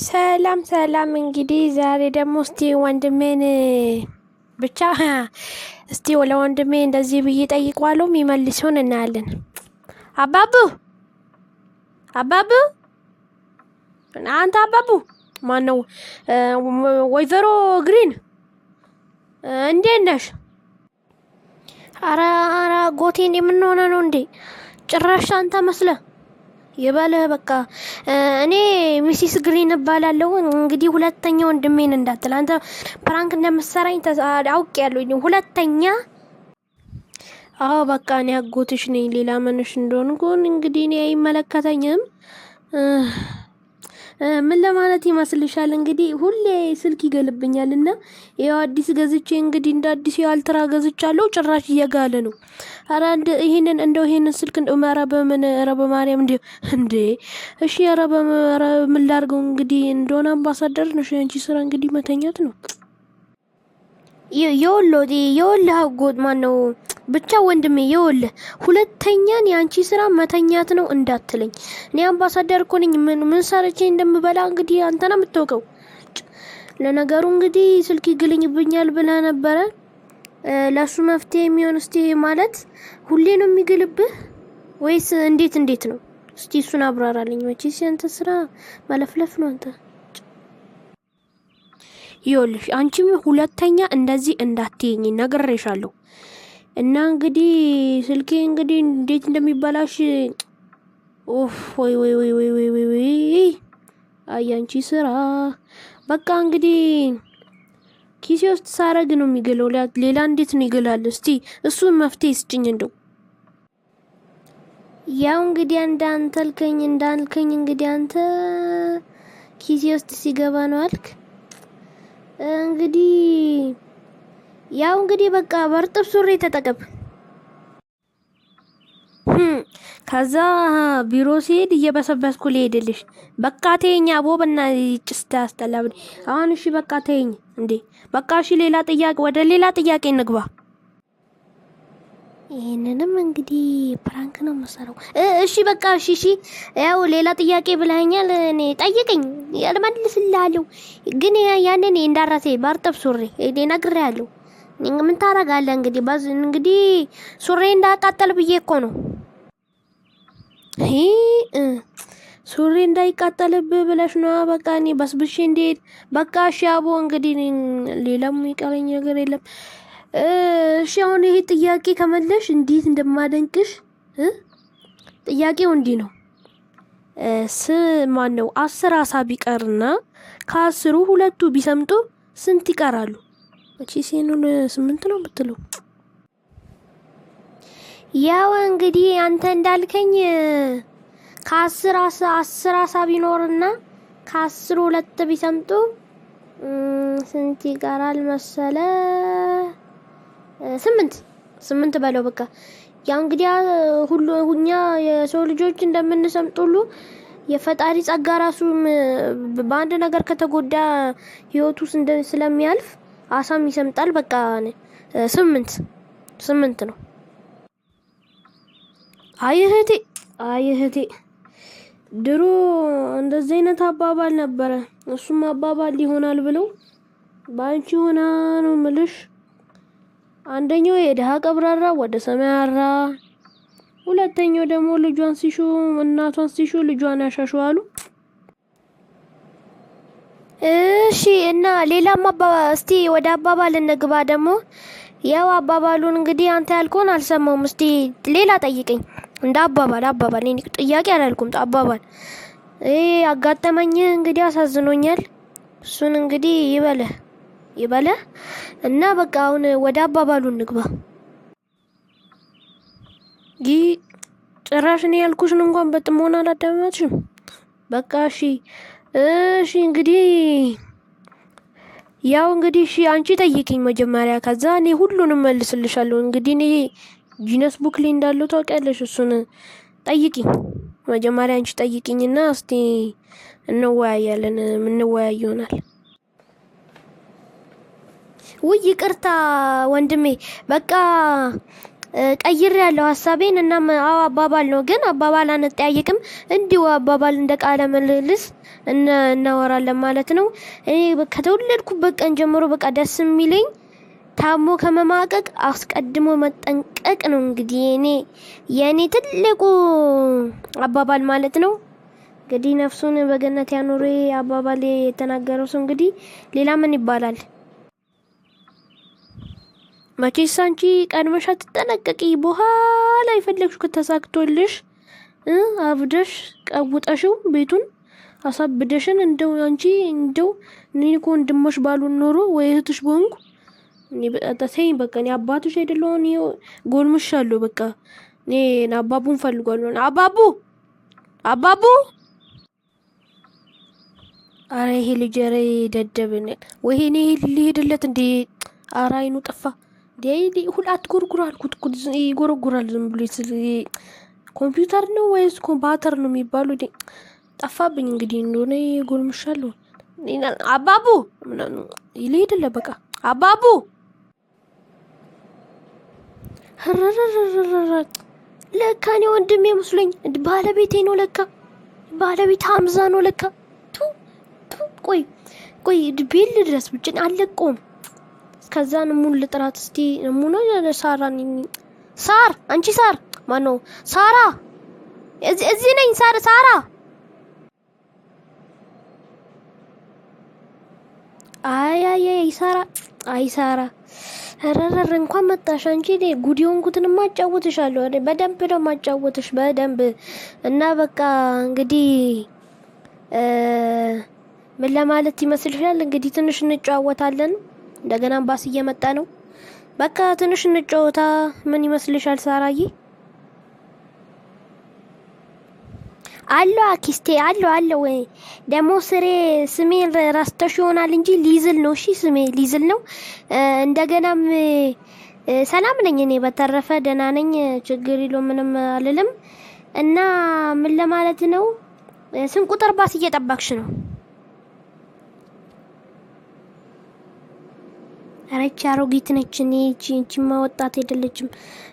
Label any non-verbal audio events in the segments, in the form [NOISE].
ሰላም ሰላም። እንግዲህ ዛሬ ደግሞ እስቲ ወንድሜን ብቻ [LAUGHS] እስቲ ለወንድሜ እንደዚህ ብዬ ጠይቋለሁ፣ የሚመልሱን እናያለን። አባቡ አባቡ፣ አንተ አባቡ ማን ነው? ወይዘሮ ግሪን እንዴት ነሽ? አረ አረ፣ ጎቴን የምንሆነ ነው እንዴ? ጭራሽ አንተ መስለህ የባለ በቃ እኔ ሚሲስ ግሪን እባላለሁ። እንግዲህ ሁለተኛ ወንድሜን እንዳትል አንተ ፕራንክ እንደምትሰራኝ አውቅ ያለሁ ሁለተኛ። አዎ በቃ እኔ አጎትሽ ነኝ። ሌላ መንሽ እንደሆን ጎን እንግዲህ እኔ አይመለከተኝም። ምን ለማለት ይመስልሻል? እንግዲህ ሁሌ ስልክ ይገልብኛል እና ይኸው አዲስ ገዝቼ እንግዲህ እንደ አዲስ የአልትራ ገዝቻለሁ። ጭራሽ እየጋለ ነው። ኧረ ይህንን እንደው ይህንን ስልክ ኧረ በምን ኧረ በማርያም እንዲ እንዴ! እሺ ኧረ ምን ላድርገው? እንግዲህ እንደሆነ አምባሳደር ነው ሸንቺ ስራ እንግዲህ መተኛት ነው። የወሎ የወሎ ሀጎድ ማን ነው? ብቻ ወንድሜ የወለ ሁለተኛን የአንቺ ስራ መተኛት ነው እንዳትለኝ። እኔ አምባሳደር እኮ ነኝ። ምን ምን ሰርቼ እንደምበላ እንግዲህ አንተና የምታውቀው። ለነገሩ እንግዲህ ስልክ ይግልኝብኛል ብለ ነበረ። ለሱ መፍትሄ የሚሆን እስቲ ማለት ሁሌ ነው የሚግልብህ ወይስ እንዴት እንዴት ነው? እስቲ እሱን አብራራልኝ። መቼስ ያንተ ስራ መለፍለፍ ነው አንተ ይኸውልሽ አንቺም ሁለተኛ እንደዚህ እንዳትይኝ ነግሬሻለሁ። እና እንግዲህ ስልኬ እንግዲህ እንዴት እንደሚበላሽ ኦፍ ወይ ወይ ወይ ወይ ወይ አያንቺ ስራ በቃ እንግዲህ ኪሴ ውስጥ ሳረግ ነው የሚገለው። ሌላ እንዴት ነው ይገላል? እስቲ እሱን መፍትሄ ስጭኝ እንደው። ያው እንግዲህ እንዳንተ ልከኝ እንዳልከኝ እንግዲህ አንተ ኪሴ ውስጥ ሲገባ ነው አልክ እንግዲህ ያው እንግዲህ በቃ በርጥብ ሱሪ ተጠቀም። ከዛ ቢሮ ሲሄድ እየበሰበስኩ ሊሄድልሽ በቃ ተይኝ። አቦበና ጭስት ያስጠላብ። አሁን እሺ በቃ ተይኝ እንዴ በቃ እሺ። ሌላ ጥያቄ ወደ ሌላ ጥያቄ እንግባ። ይህንንም እንግዲህ ፕራንክ ነው መሰረው። እሺ በቃ እሺ እሺ። ያው ሌላ ጥያቄ ብለኸኛል። እኔ ጠይቀኝ እመልስልሃለሁ። ግን ያንን እንዳራሴ ባርጠብ ሱሪ እኔ ነግሬሃለሁ። ምን ታረጋለህ እንግዲህ ባዝ እንግዲህ ሱሬ እንዳቃጠል ብዬ እኮ ነው። ሱሬ እንዳይቃጠልብ ብለሽ ነው። በቃ እኔ በስብሼ እንዴት በቃ እሺ፣ አቦ እንግዲህ ሌላም የሚቀረኝ ነገር የለም። እሺ አሁን ይሄ ጥያቄ ከመለሽ እንዴት እንደማደንቅሽ ጥያቄው እንዲህ ነው። ስ ማን ነው አስር አሳ ቢቀርና ከአስሩ ሁለቱ ቢሰምጡ ስንት ይቀራሉ? እቺ ሴኑን ስምንት ነው የምትለው? ያው እንግዲህ አንተ እንዳልከኝ ከአስር አስር አሳ ቢኖርና ከአስር ሁለት ቢሰምጡ ስንት ይቀራል መሰለ? ስምንት ስምንት በለው በቃ። ያው እንግዲህ ሁሉ እኛ የሰው ልጆች እንደምንሰምጥ ሁሉ የፈጣሪ ጸጋ ራሱ በአንድ ነገር ከተጎዳ ህይወቱ ስለሚያልፍ አሳም ይሰምጣል። በቃ ስምንት ስምንት ነው። አይ እህቴ፣ አይ እህቴ፣ ድሮ እንደዚህ አይነት አባባል ነበረ። እሱም አባባል ይሆናል ብለው በአንቺ ሆና ነው ምልሽ። አንደኛው የድሃ ቀብራራ ወደ ሰማይ አራ፣ ሁለተኛው ደግሞ ልጇን ሲሹ እናቷን ሲሹ ልጇን ያሻሹ አሉ። እሺ እና ሌላም አባ እስቲ ወደ አባባል እንግባ። ደግሞ ያው አባባሉን እንግዲህ አንተ ያልኩህን አልሰማውም። እስቲ ሌላ ጠይቀኝ። እንደ አባባል አባባል እኔ ጥያቄ አላልኩም። አባባል ይሄ አጋጠመኝ እንግዲህ አሳዝኖኛል። እሱን እንግዲህ ይበለ ይበለ እና በቃ አሁን ወደ አባባሉ እንግባ። ይህ ጭራሽ እኔ ያልኩሽን እንኳን በጥሞና አላዳመጥሽም። በቃ እሺ እሺ እንግዲህ ያው እንግዲህ እሺ አንቺ ጠይቅኝ መጀመሪያ፣ ከዛ እኔ ሁሉንም መልስልሻለሁ። እንግዲህ እኔ ጂነስ ቡክ ላይ እንዳለው ታውቂያለሽ። እሱን ጠይቅኝ መጀመሪያ አንቺ ጠይቅኝና እስቲ እንወያያለን። ምንወያይ ይሆናል። ውይ ይቅርታ ወንድሜ፣ በቃ ቀይር ያለው ሀሳቤን እና አዎ አባባል ነው፣ ግን አባባል አንጠያየቅም። እንዲሁ አባባል እንደ ቃለ ምልልስ እናወራለን ማለት ነው። እኔ ከተወለድኩበት ቀን ጀምሮ በቃ ደስ የሚለኝ ታሞ ከመማቀቅ አስቀድሞ መጠንቀቅ ነው። እንግዲህ እኔ የእኔ ትልቁ አባባል ማለት ነው። እንግዲህ ነፍሱን በገነት ያኑሬ አባባል የተናገረው ሰው እንግዲህ ሌላ ምን ይባላል? መቼስ አንቺ ቀድመሽ አትጠነቀቂ፣ በኋላ የፈለግሽ ከተሳክቶልሽ አብደሽ ቀውጠሽው ቤቱን አሳብደሽን እንደው አንቺ እንደው እኔ እኮ ወንድሞሽ ባሉን ኖሮ ወይ እህትሽ በሆንኩ ተሰኝ በቃ እኔ አባትሽ አይደለሁ። እኔ አለሁ በቃ እኔ አባቡን ፈልጓለሁ። አባቡ አባቡ! አረ ይሄ ልጅ ረ ደደብን ወይ ይሄ ሊሄድለት እንዴ! አረ አይኑ ጠፋ። ዴይሊ ሁላት አትጎርጉር አልኩት እኮ ይጎረጉራል። ዝም ብሎ ኮምፒውተር ነው ወይስ ኮምባተር ነው የሚባሉ ጠፋብኝ። እንግዲህ እንደሆነ ጎልምሻለሁ። አባቡ ይልሄድለ በቃ አባቡ ለካ እኔ ወንድሜ መስሎኝ ባለቤቴ ነው ለካ ባለቤት ሀምዛ ነው ለካ። ቆይ ቆይ ቤል ድረስ ብጭን አለቀውም ከዛ ሙን ልጥራት እስቲ ሙኖ ሳራን ሳር አንቺ ሳር ማን ነው ሳራ እዚህ ነኝ ሳር ሳራ አይ አይ አይ ሳራ አይ ሳራ ረረረ እንኳን መጣሽ አንቺ እኔ ጉድ የሆንኩትን ማጫወትሻለሁ እኔ በደንብ ነው ማጫወትሽ በደንብ እና በቃ እንግዲህ ምን ለማለት ይመስልሻል እንግዲህ ትንሽ እንጫወታለን እንደገናም ባስ እየመጣ ነው። በቃ ትንሽ እንጫወታ። ምን ይመስልሻል ሳራዬ? አሎ አኪስቴ አሎ አለ ወይ ደግሞ ስሬ ስሜን ረስተሽ ይሆናል እንጂ ሊዝል ነው። እሺ ስሜ ሊዝል ነው። እንደገናም ሰላም ነኝ እኔ በተረፈ ደህና ነኝ። ችግር ይሎ ምንም አልልም። እና ምን ለማለት ነው ስንት ቁጥር ባስ እየጠባክሽ ነው? ረች አሮጊት ነች። እኔ እቺ እቺ ማወጣት አይደለችም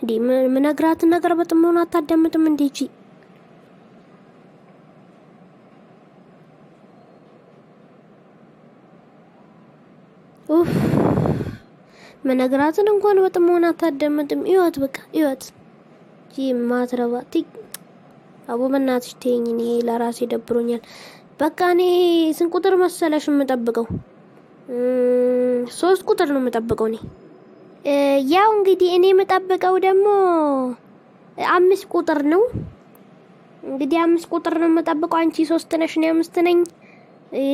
እንዴ ምነግራትን ነገር በጥሞና አታዳምጥም እንዴ እቺ ኡፍ ምነግራትን እንኳን በጥሞና አታዳምጥም። ይወት በቃ ይወት እቺ ማትረባ ቲ አቡ በእናትሽ ተይኝ። እኔ ለራሴ ደብሮኛል። በቃ እኔ ስንት ቁጥር መሰለሽ የምጠብቀው? ሶስት ቁጥር ነው የምጠብቀው እኔ። ያው እንግዲህ እኔ የምጠብቀው ደግሞ አምስት ቁጥር ነው። እንግዲህ አምስት ቁጥር ነው የምጠብቀው። አንቺ ሶስት ነሽ፣ እኔ አምስት ነኝ።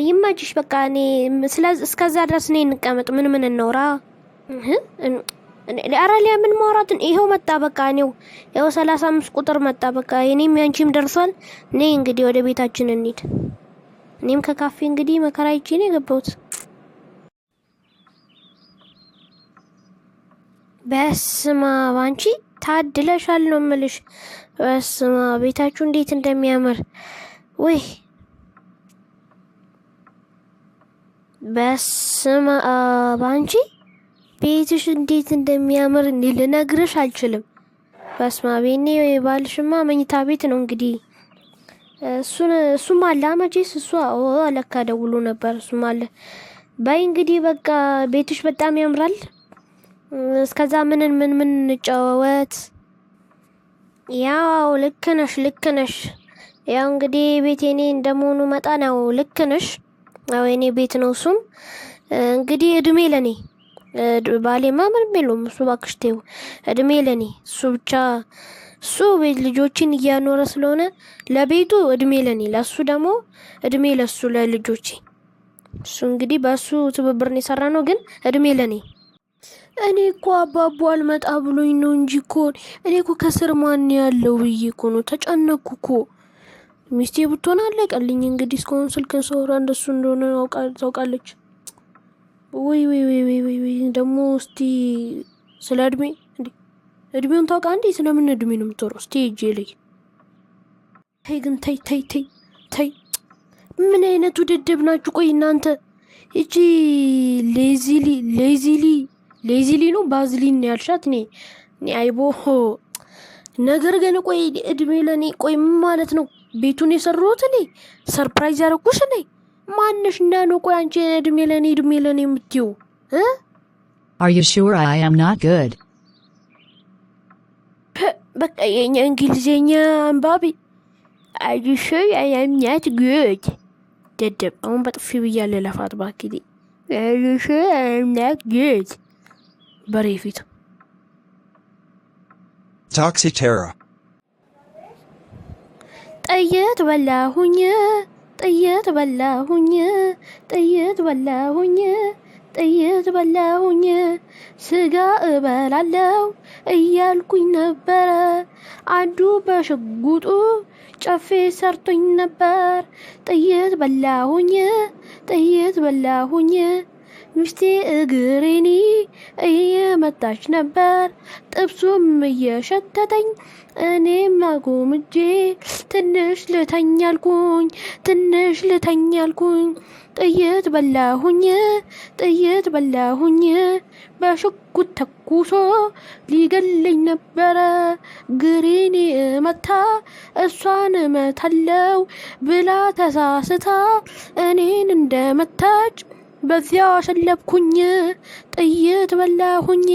ይማችሽ። በቃ እኔ እስከዛ ድረስ እኔ እንቀመጥ። ምን ምን እናውራ? ኧረ ሊያ ምን ማውራትን? ይሄው መጣ በቃ እኔው ያው ሰላሳ አምስት ቁጥር መጣ በቃ። እኔም ያንቺም ደርሷል። እኔ እንግዲህ ወደ ቤታችን እንሂድ። እኔም ከካፌ እንግዲህ መከራ ይቺ ነው የገባሁት። በስማ ባንቺ ታድለሻል ነው ምልሽ። በስማ ቤታችሁ እንዴት እንደሚያምር ወይ በስማ ባንቺ ቤትሽ እንዴት እንደሚያምር እንዴ ልነግርሽ አልችልም። በስማ ቤኔ ባልሽማ መኝታ ቤት ነው እንግዲህ እሱን እሱም አለ መቼስ እሱ አለካ ደውሎ ነበር። እሱም አለ በይ እንግዲህ በቃ ቤትሽ በጣም ያምራል። እስከዛ ምንን ምን ምን እንጫወት? ያው ልክ ነሽ ልክ ነሽ። ያው እንግዲህ ቤት የኔ እንደመሆኑ መጠን ያው ልክ ነሽ። ያው የኔ ቤት ነው። እሱም እንግዲህ እድሜ ለኔ ባሌማ ምንም የለውም እሱ እባክሽ ተይው። እድሜ ለኔ እሱ ብቻ እሱ ቤት ልጆችን እያኖረ ስለሆነ ለቤቱ እድሜ ለኔ፣ ለሱ ደግሞ እድሜ ለሱ ለልጆቼ። እሱ እንግዲህ በሱ ትብብርን የሰራ ነው፣ ግን እድሜ ለኔ እኔ እኮ አባቡ አልመጣ ብሎኝ ነው እንጂ እኮ እኔ እኮ ከስር ማን ያለው ብዬ እኮ ነው ተጨነኩ እኮ። ሚስቴ ብትሆን አለቀልኝ። እንግዲህ እስካሁን ስልክን ሰውራ እንደሱ እንደሆነ ታውቃለች። ወይ ወይ ወይ ወይ ወይ ወይ ደግሞ እስቲ ስለ እድሜ እንዴ እድሜውን ታውቃ እንዴ? ስለምን እድሜ ነው የምትወረው? እስቲ እጄ ላይ ተይ ግን ተይ ተይ ተይ ተይ። ምን አይነት ውድድብ ናችሁ? ቆይ እናንተ እጂ ሌዚሊ ሌዚሊ ሌዚሊ ነው ባዝሊን ያልሻት እኔ እኔ አይቦ ነገር ግን ቆይ እድሜ ለእኔ ቆይ ማለት ነው ቤቱን የሰሩት እኔ ሰርፕራይዝ ያደረጉሽ እኔ ማንሽ እና ነው ቆይ አንቺ እድሜ ለእኔ እድሜ ለእኔ የምትይው አር ዩ ሹር አይ አም ናት ጉድ በቃ የኛ እንግሊዝኛ አንባቢ አር ዩ ሹር አይ አም ናት ጉድ ደደብ አሁን በጥፊ ብያለሁ ለፋት ባክዴ አር ዩ ሹር አይ አም ናት ጉድ በሬ ፊት ታክሲቴራ ጥይት በላሁኝ ጥይት በላሁኝ ጥይት በላሁኝ ጥይት በላሁኝ ስጋ እበላለው እያልኩኝ ነበረ። አንዱ በሽጉጡ ጨፌ ሰርቶኝ ነበር። ጥይት በላሁኝ ጥይት በላሁኝ ሚስቴ እግሬኒ እየመታች ነበር፣ ጥብሱም እየሸተተኝ። እኔም አጎምጄ ትንሽ ልተኛልኩኝ ትንሽ ልተኛልኩኝ። ጥይት በላሁኝ ጥይት በላሁኝ። በሽጉጥ ተኩሶ ሊገለኝ ነበረ። ግሬኔ መታ እሷን መታለው ብላ ተሳስታ እኔን እንደመታች በዚያ አሸለብኩኝ፣ ጥይት በላሁኝ፣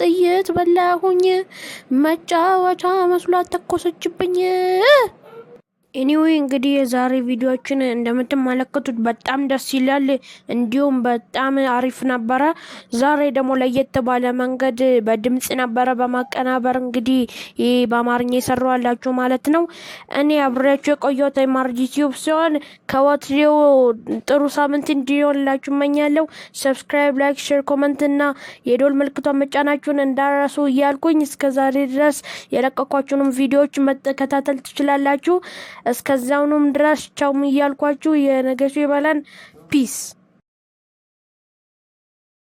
ጥይት በላሁኝ፣ መጫወቻ መስሏት ተኮሰችብኝ። ኤኒዌይ እንግዲህ የዛሬ ቪዲዮዎችን እንደምትመለከቱት በጣም ደስ ይላል፣ እንዲሁም በጣም አሪፍ ነበረ። ዛሬ ደግሞ ለየት ባለ መንገድ በድምፅ ነበረ በማቀናበር እንግዲህ ይህ በአማርኛ የሰራዋላችሁ ማለት ነው። እኔ አብሬያችሁ የቆየሁት ማርጅ ዩቲዩብ ሲሆን ከወትሬው ጥሩ ሳምንት እንዲሆንላችሁ እመኛለሁ። ሰብስክራይብ፣ ላይክ፣ ሼር፣ ኮመንት እና የዶል ምልክቷን መጫናችሁን እንዳረሱ እያልኩኝ እስከዛሬ ድረስ የለቀኳችሁንም ቪዲዮዎች መከታተል ትችላላችሁ። እስከዚያውኑም ድረስ ቻውም እያልኳችሁ የነገሹ ይበለን። ፒስ